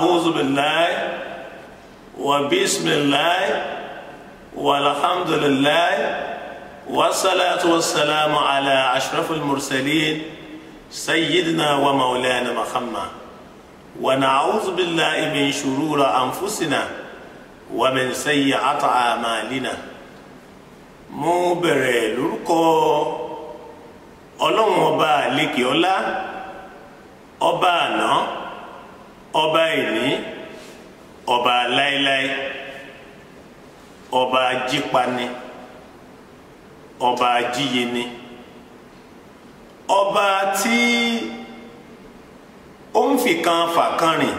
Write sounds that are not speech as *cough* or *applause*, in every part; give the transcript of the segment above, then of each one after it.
أعوذ بالله وبسم الله والحمد لله والصلاة والسلام على أشرف المرسلين سيدنا ومولانا محمد ونعوذ بالله من شرور أنفسنا ومن سيئات أعمالنا mo bẹ̀rẹ̀ lórúkọ أبا ọba àlekè ọlá ọba ọba ìní ọba láíláí ọba jípani ọba jíyeni ọba tí ó ń fìkan fàkan rìn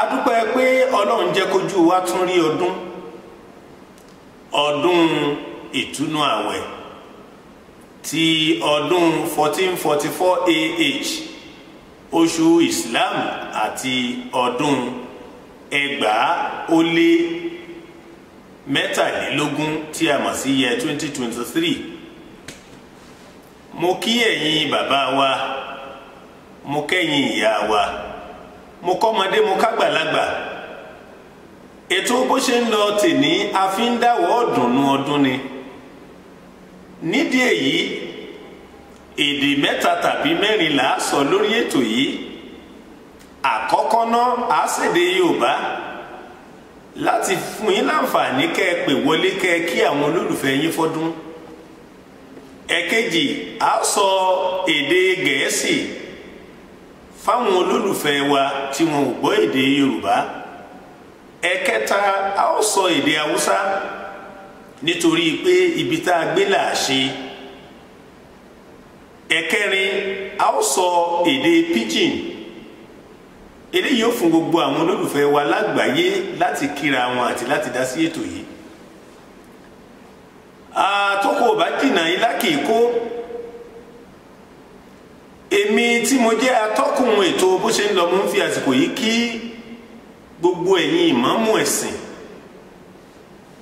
adúpẹ́ pé ọlọ́run jẹ́ kójú wa tún rí ọdún ọdún ìtúnú àwẹ̀ ti ọdún 1444 AH oṣù islam àti ọdún ẹgbàá ó lé mẹ́tàlélógún tí a mọ̀ sí yẹ twenty mo kí ẹ̀yin bàbá wa mo kẹ́yin ìyá wa mo kọ́mọdé mo kágbàlagbà ètò bó ṣe ń lọ tèní a fi ń dáwọ́ ọ̀dùnnú ọdún ni nídìí èyí èdè mẹ́ta tàbí mẹ́rin là á sọ lórí ètò yìí àkọ́kọ́ náà á ṣèdè Yorùbá láti fún yín láǹfààní kẹ́ ẹ pè wọlé kẹ́ ẹ kí àwọn olólùfẹ́ yín fọ́dún ẹ̀kejì á sọ èdè Gẹ̀ẹ́sì fáwọn olólùfẹ́ wa tí wọn ò gbọ́ èdè Yorùbá ẹ̀kẹta á sọ èdè Haúsá nítorí pé ibi tá a gbé là á ṣe ẹ̀kẹrin a ó sọ èdè pidgin eléyìí ó fún gbogbo àwọn olólùfẹ́ wa lágbàáyé láti kíra wọn àti láti dá sí ètò yìí àtòkò bá jìnnà ilá kì í kó èmi tí mo jẹ́ atọ́kùn ètò bó ṣe ń lọ mo ń fi àsìkò yìí kí gbogbo ẹ̀yin ìmáàmù ẹ̀sìn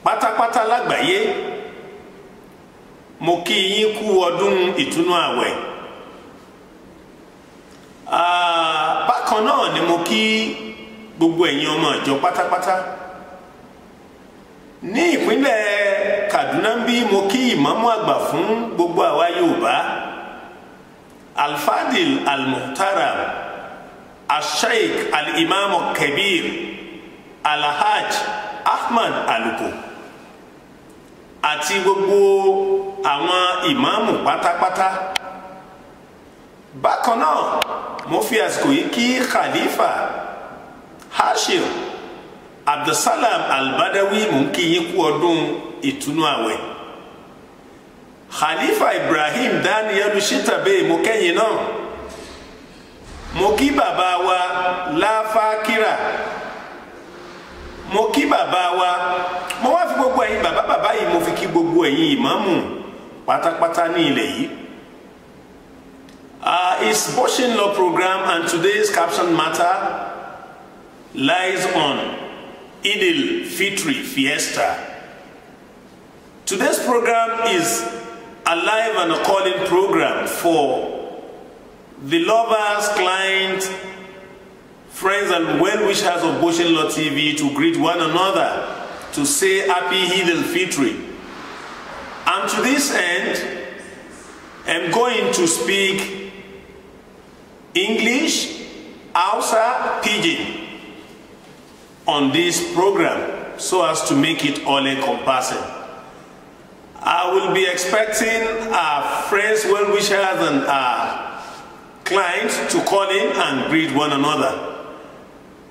pátápátá lágbàáyé mo kí yín kú ọdún ìtúnú àwẹ̀ bákan náà ni mo kí gbogbo ẹ̀yin ọmọ ìjọ pátápátá ní ìpínlẹ̀ Kaduna bí mo kí ìmámù àgbà fún gbogbo àwa Yorùbá Alfadil Almuhtaram asheik Al-Imam Kabir Alhaj Ahmad Aluko àti gbogbo àwọn ìmáàmù pátápátá bákan náà mo fi àsìkò yìí kí khalifa hashim abdulsalam albadawi mò ń kí yín kú ọdún ìtúnú àwẹ̀ khalifa ibrahim daniel shitabe mo kẹ́yìn náà mo kí bàbá wa láfákírà mo kí bàbá wa mo wá fi gbogbo ẹ̀yin bàbá bàbá yìí mo fi kí gbogbo ẹ̀yin ìmáàmù. pátápátá ní ilẹ̀ Uh, his Law program and today's caption matter lies on idil fitri fiesta. Today's program is a live and a calling program for the lovers, clients, friends and well-wishers of Boshin Law TV to greet one another to say Happy idil fitri and to this end, I'm going to speak English, Hausa, Pidgin on this program so as to make it all encompassing. I will be expecting our friends, well-wishers, and our uh, clients to call in and greet one another.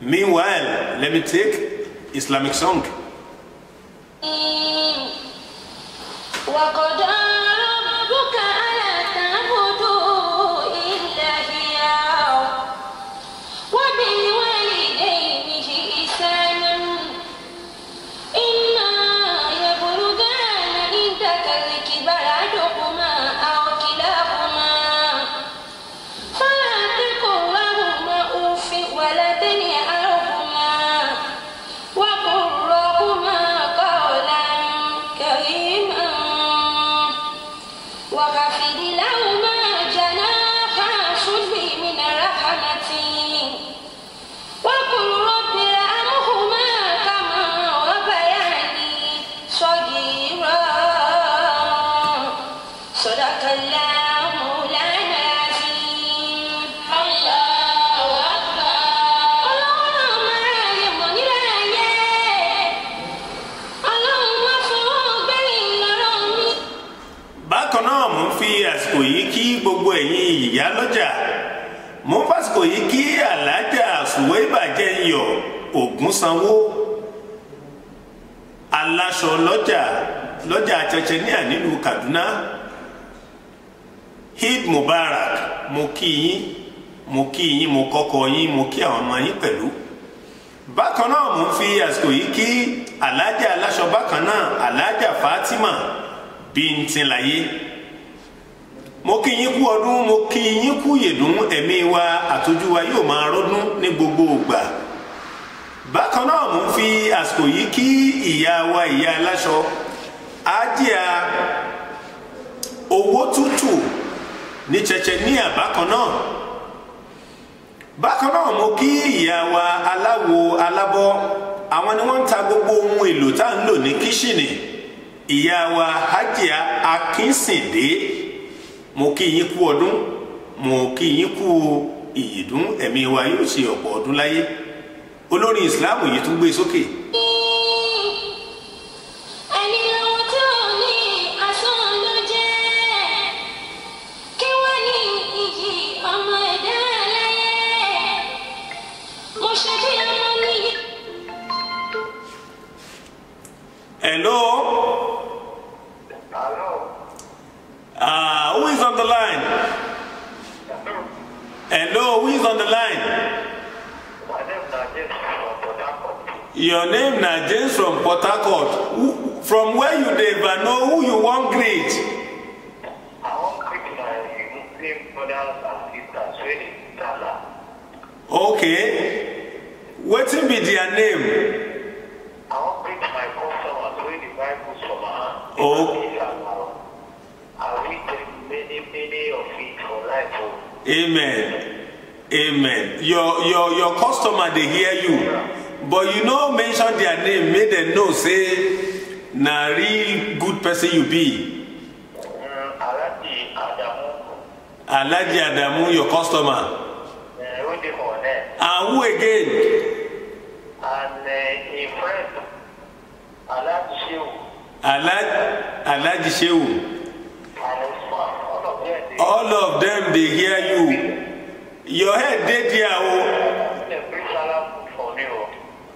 Meanwhile, let me take Islamic song. وقد ògún sanwó aláṣọ lọ́jà lọ́jà Chechenia nílùú Kaduna hid Mubarak mo kí yín mo kí yín mo kọ́kọ́ yín mo kí àwọn ọmọ yín pẹ̀lú bákan náà mo ń fi àsìkò yìí kí alájà aláṣọ bákan náà alájà Fatima bíntín láyé mo kí yín kú ọdún mo kí yín kú yèdún ẹ̀mí wa àtọ́jú wa yóò máa rọ́dún ní gbogbo ìgbà bákan náà mò ń fi àsìkò yìí kí ìyá wa ìyá aláṣọ ájíà owó tútù ní Chechnya bákan náà bákan náà mo kí ìyá wa aláwo alábọ́ àwọn ni wọ́n ń ta gbogbo ohun èlò tá à ń lò ní kíṣìnì ìyá wa hajiya akínsìndé mo kí yín kú ọdún mo kí yín kú ìyìdún ẹ̀mí wa yóò ṣe ọ̀pọ̀ ọdún láyé. olórin yìí tún gbé sókè. hello. hello. Uh, who is on the line? Hello, who is on the line? your name na james from port harcourt from where you dey but know who you wan greet. i wan greet my muslim brothers and sisters wey dey gala. okay wetin be their name. i wan greet my customers wey dey buy goods from am. oh. amen amen your your your customer dey hear you. Yeah but you no mention their name make them know say na real good person you be hmm, alhaji adamu Adamu, your customer eh, and who again and uh, a friend alhaji shehu alhaji shehu all of them dey hear you your head dey there o. Oh.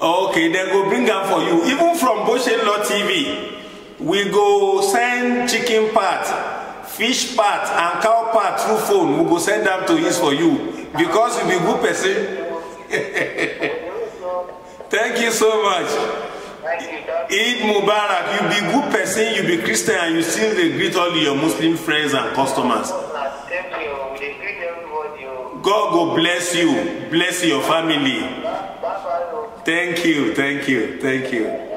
Okay, they go bring them for you. Even from Boshen Law TV, we go send chicken part, fish part, and cow part through phone. We go send them to use for you because you be good person. *laughs* Thank you so much. Eid Mubarak, you be good person, you be Christian, and you still dey greet all your Muslim friends and customers. Oh. God go bless you, bless your family. Thank you, thank you, thank you.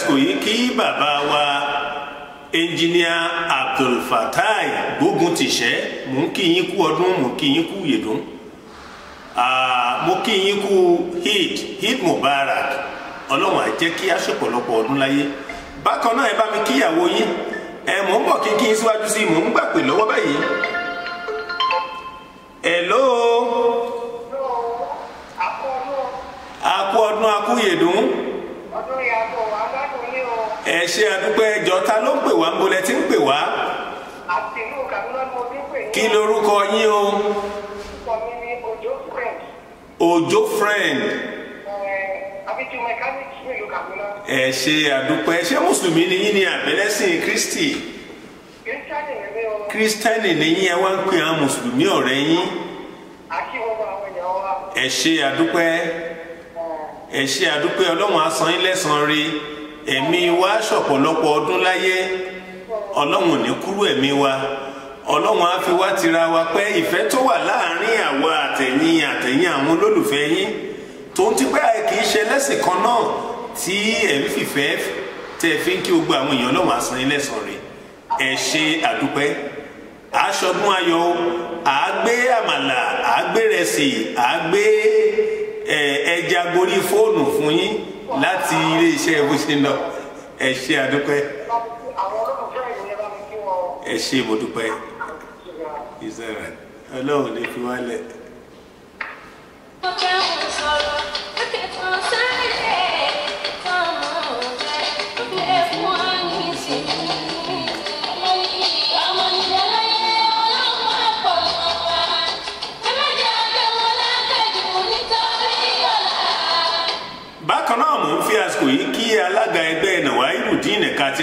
lásìkò yìí kí bàbá wa ẹnjìníà abdulfatai gbógun tìṣẹ́ mò ń kí yín kú ọdún mò kí yín kú kí yín kú mubarak kí a pọ̀lọpọ̀ ọdún láyé bákan náà ẹ bá mi kíyàwó yín ẹ bọ̀ kí kí n síwájú sí i ẹ ṣe àdúpẹ́ ẹjọ́ ta ló ń pè wá ń bolẹ̀ tí ń pè wá. àtìlú kàdúrà ni mo ti pè ní. kí lorúkọ yín o. orúkọ mi ni Òjó friend. Òjó friend. abijú mechanics nílùú Kaduna. ẹ ṣe àdúpẹ́ ṣé mùsùlùmí ni yín ni àbẹ́lẹ́sìn Kristi. kírísítẹ́nì ni mí o. kírísítẹ́nì ni yín ẹ wá ń pè àwọn mùsùlùmí ọ̀rẹ́ yín. àti wọn bá àwọn èèyàn wa. ẹ ṣe àdúpẹ́ ẹ ṣe àdúpẹ́ ọlọ́run á san yín lẹ́san rí ẹ̀mí wa ṣọ̀pọ̀lọpọ̀ ọdún láyé ọlọ́run ò ní kúrú ẹ̀mí wa ọlọ́run á fi wá tira wa pé ìfẹ́ tó wà láàárín àwa àtẹ̀yìn àtẹ̀yìn àwọn olólùfẹ́ yín tó ń tipẹ́ kì í ṣe lẹ́sìn kan náà tí ẹ̀ ń fìfẹ́ tẹ́ ẹ fi ń kí gbogbo àwọn èèyàn ọlọ́run á san rí ẹ ṣe àdúpẹ́ aṣọdún ayọ̀ àgbé àmàlà àgbé rẹsì àgbé ẹja gorí fóònù fún yín láti iléeṣẹ́ bó ṣe lọ ẹ ṣé àdúpẹ́ ẹ ṣé mo dúpẹ́ ìṣẹ̀rẹ̀ ọlọ́run lè fi wá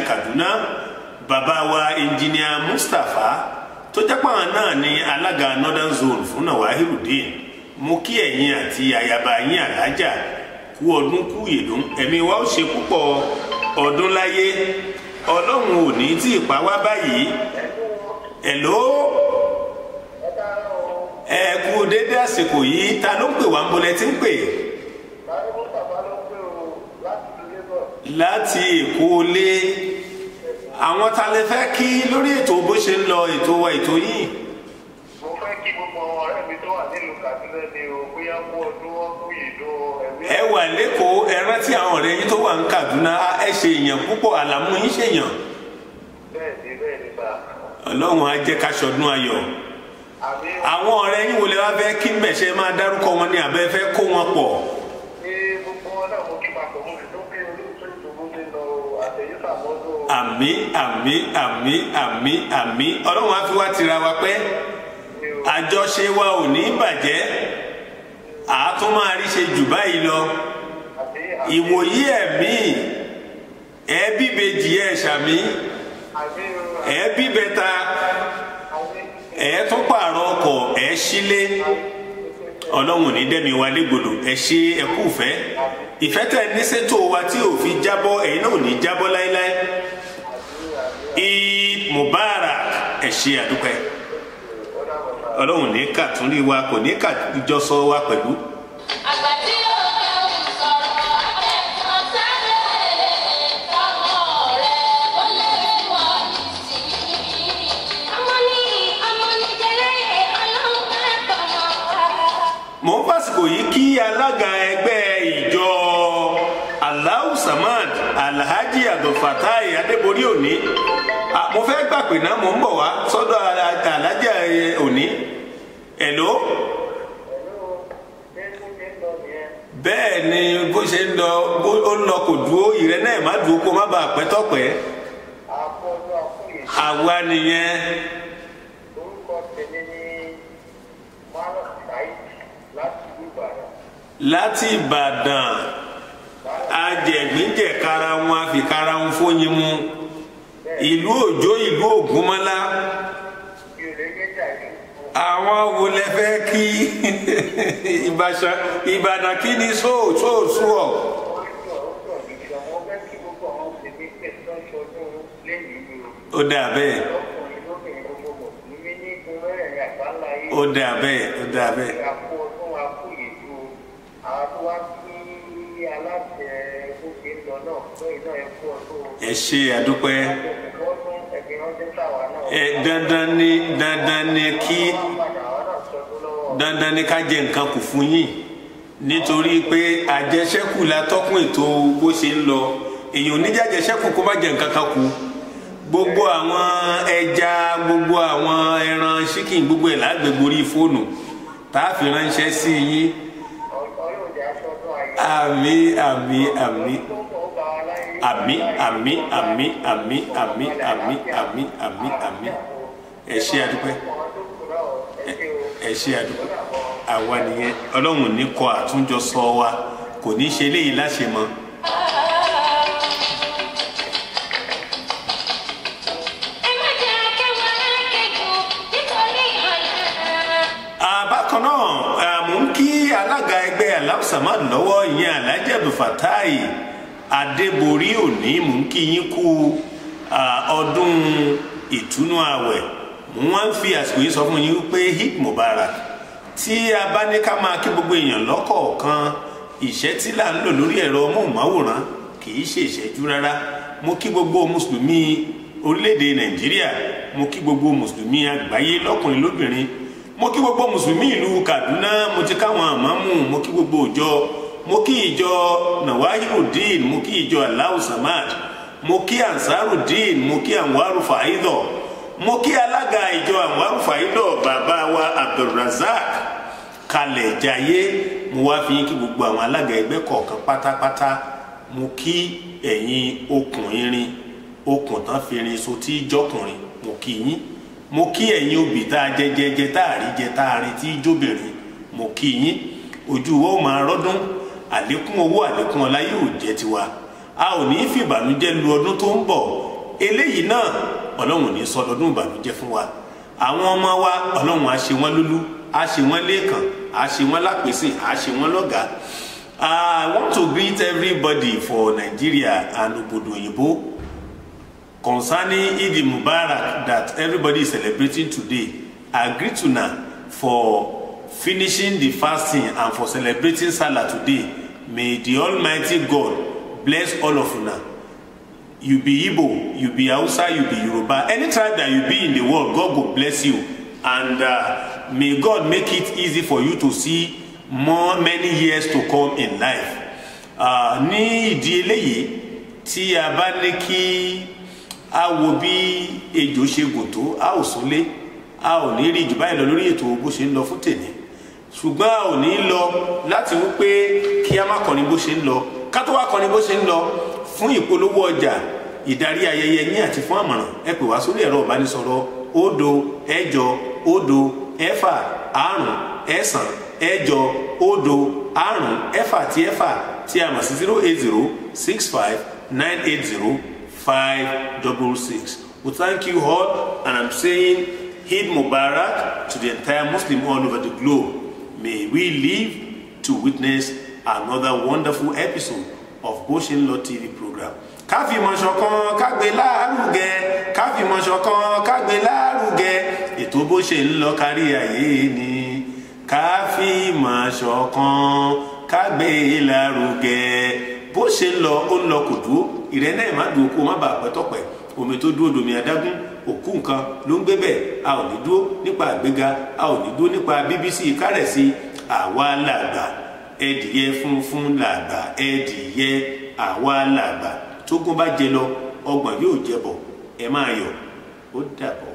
Kaduna Baba wa ẹnjìníà Mustapha tó jápọ̀ àwọn náà ní alága Northern Zone fún Nawahirudeen mo kí ẹ̀yin àti àyàbá yín alájà kú ọdún kú yèdún ẹ̀mí wa ó ṣe púpọ̀ ọdún láyé ọlọ́run ò ní tí ì pa wá báyìí ẹ̀ló ẹ kú dédé àsìkò yìí ta ló ń pè wá ń bolẹ̀ tí ń pè. láti Èkó lé àwọn ta lè fẹ́ kí lórí ètò bó ṣe ń lọ ètò wa ètò yìí. mo fẹ́ kí gbogbo àwọn ọ̀rẹ́ mi tó wà nílùú Katsina ni o bóyá kú ọdún wọn kú ìdó ẹ̀mí. ẹ wà lẹ́kọ̀ọ́ ẹ rántí àwọn ọ̀rẹ́ yín tó wà ní Kaduna ẹ ṣe èèyàn púpọ̀ àlàmú yín ṣèyàn. bẹ́ẹ̀ni bẹ́ẹ̀ni bá. Ọlọ́run á jẹ́ ká ṣọdún ayọ̀. àwọn ọ̀rẹ́ yín wo lè wá fẹ́ kí mbẹ̀ṣẹ̀ máa dárúkọ wọn ni àbẹ́ fẹ́ kó wọn pọ̀. àmì àmì àmì àmì àmì ọlọ́run á fi wá tira wa pé àjọṣe wa ò ní bàjẹ́ àátún máa rí ṣe jù báyìí lọ ìwòyí ẹ̀mí ẹbí bèjì ẹ̀ ṣàmì ẹbí bẹta ẹ tún pààrọ̀ ọkọ̀ ẹ sílé ọlọ́run ò ní dẹ́mi wa légbodò ẹ ṣe ẹkú fẹ́ẹ́ ìfẹ́ tẹ̀ níṣẹ́ tó wa tí ò fi jábọ́ ẹ̀yin náà ò ní jábọ́ láéláé Eid Mubarak ẹ ṣé àdúpẹ́ ọlọ́run ní kàtúndì wa kò ní kàjọsọ wa pẹ̀lú. àgbàdì mo ń fàsìkò yìí kí alága samad alhaji abdulfatai adébórí òní mo fẹ́ gbà pé náà mo ń bọ̀ wá sọ́dọ̀ alhaji oni eh, hello. bẹ́ẹ̀ ni bó ṣe ń lọ ó ń lọ kò dúró ìrẹ́ náà má dúró kó má bàa pẹ́ tọ́pẹ́. àwa nìyẹn. láti Ìbàdàn ajẹ̀gbíjẹ̀ kara wọn àfikara wọn fóyin mu ìlú òjò ìlú ògúnmọ́lá àwọn wo lẹ fẹ́ kí *laughs* ìbàdàn kí ni sóò sóò sóò. ó dà bẹ́ẹ̀ ó dà bẹ́ẹ̀ ó dà bẹ́ẹ̀ aláṣẹ bó ṣe ń lọ náà lóyìn náà ẹ kú ọdún. ẹ ṣe àdúpẹ́. ẹ dandan ni dandan ni kí dandan ni ká jẹ nǹkan kù fún yín nítorí pé àjẹṣẹ́kù la tọ́kùn ètò bó ṣe ń lọ èyàn oníjàjẹṣẹ́kù kó má jẹ nǹkan kan kù gbogbo àwọn ẹja gbogbo àwọn ẹran ṣíkìn gbogbo ẹ̀ lágbègbè orí fóònù tá a fi ránṣẹ́ sí yín àmín àmín àmín àmín àmín àmín àmín àmín àmín àmín àmín àmín ẹ ṣé adúpẹ́ ẹ ṣé adúpẹ́ àwa nìyẹn Ọlọ́run ní kọ àtúnjọ sọ wa kò ní ṣe eléyìí láṣẹ mọ́. samad lọ́wọ́ ìyẹn alhaji abdulfatai adébórí òní mò ń kí yín kú ọdún ìtúnú àwẹ̀ wọ́n ń fi àsìkò yìí sọ fún yín pé hid mubarak tí a bá ní ká máa kí gbogbo èèyàn lọ́kọ̀ọ̀kan ìṣẹ́ tí là ń lò lórí ẹ̀rọ móhùnmáwòrán kì í ṣe ìṣẹ́jú rárá mo kí gbogbo mùsùlùmí orílẹ̀-èdè nàìjíríà mo kí gbogbo mùsùlùmí àgbáyé lọ́kùnrin lóbìnrin mo kí gbogbo mùsùlùmí ìlú Kaduna mo ti káwọn àmàmù mo kí gbogbo ìjọ mo kí ìjọ nawahirudeen mo kí ìjọ alahu samad mo kí ansarudeen mo kí anwaru faidọ mo kí alága ìjọ anwaru faidọ bàbá wa abdulrasaq kalẹ̀ jayé mo wá fi kí gbogbo àwọn alága ẹgbẹ́ kọ̀ọ̀kan pátápátá mo kí ẹ̀yin okùn irin okùn tán fi irin so tí jọkùnrin mo kí yín. mo kí ẹ̀yin òbí tá a jẹjẹjẹ tá a rí jẹ tá a rí jóbìnrin mo kí yín ojú wa ó máa rọ́dún àlékún owó àlékún ọlá yóò jẹ́ tiwa a ò ní í fi ìbànújẹ́ lu ọdún tó ń bọ̀ eléyìí náà ọlọ́run ní sọ lọ́dún ìbànújẹ́ fún wa àwọn ọmọ wa ọlọ́run á ṣe wọ́n lólú á ṣe wọ́n lẹ́ẹ̀kan á ṣe wọ́n lápèsè á ṣe wọ́n lọ́gàá I want to greet everybody for Nigeria and obodo oyinbo concerning Eid Mubarak that everybody is celebrating today, agree to now for finishing the fasting and for celebrating Salah today. May the Almighty God bless all of you now. You be Igbo, you be Hausa, you be Yoruba. Any tribe that you be in the world, God will bless you. And uh, may God make it easy for you to see more many years to come in life. Uh, ní ìdí eléyìí tí a wo bí ejò ṣe gùn a ò súnlé a ò ní rí jù báyìí lọ lórí ètò bó ṣe ń lọ fún tèmi ṣùgbọ́n a ò ní lọ láti wípé kí a má kọrin bó ṣe ń lọ ká tó wá kọrin bó ṣe ń lọ fún ìpolówó ọjà ìdarí ayẹyẹ yín àti fún àmọ̀ràn ẹ pè wá sórí ẹ̀rọ ìbánisọ̀rọ̀ òdo ẹ̀jọ òdo ẹ̀fà àrùn ẹ̀sán ẹ̀jọ òdo àrùn ẹ̀fà àti ẹ̀fà tí a sí zero eight zero six five nine eight zero 566. We thank you all, and I'm saying Eid Mubarak to the entire Muslim all over the globe. May we live to witness another wonderful episode of Goshen Law TV program. Kafi fìmọ̀ ṣọ̀kan ká gbé lárugẹ ká fìmọ̀ ṣọ̀kan ká gbé lárugẹ ètò Kafi ṣe ń lọ kárí ayé ni ká ìrẹ́lẹ̀ má dùn kó má bàa pẹ́ tọ́pẹ́ omi tó dúró domi adágún òkú nǹkan ló ń gbé bẹ́ẹ̀ a ò ní dúró nípa àgbéga a ò ní dúró nípa bbc kárẹ̀sí àwa làgbà ẹ̀dìyẹ funfun làgbà ẹ̀dìyẹ àwa làgbà tógún bá jẹ lọ ọgbọ̀n yóò jẹ bọ̀ ẹ máa yọ̀ ó dàbọ̀.